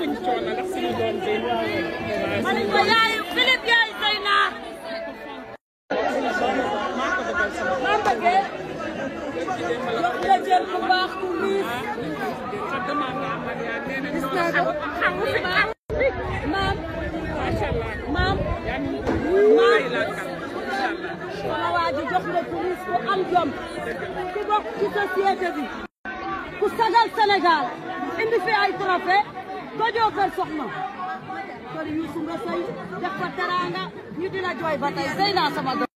nañ ci coono ndax suñu doom bi man ma yaayu Philippe yaay Zeyna maa bëggee doom la jël bu baax ku miis gis naa ko maam maam maam sama waa ji jox na touriste ku am jom ku bokk ci société bi ku sagal Sénégal indi fi ay trophée tojoo kër soxna kon Youssou nga sëy def fa teraanga ñu dina jooy ba tey sëy naa sama